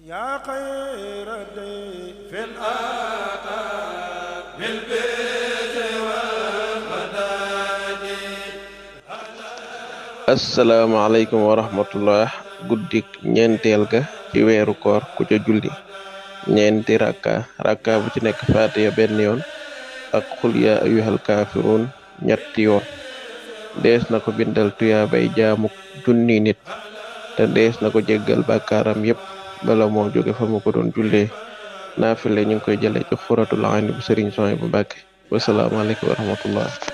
yaa xayra day fil ata wa rahmatullah guddik ñeenteel ga ci weeru koor ku ca julli ñeenti rakka rakka bu ci nekk fatiha benn yoon ak xul yaa kaafiruun ñetti yoon dees na ko bindal tuyaabay jaamuk junni nit te dees na ko jéggal bàkkaaram yépp bala moo jóge fa mu ko doon jullee naafile ñu ngi koy jëlee ci xuratul ayni bu sëriñ Soy bu Mbàkke wasalaamaaleykum wa rahmatullah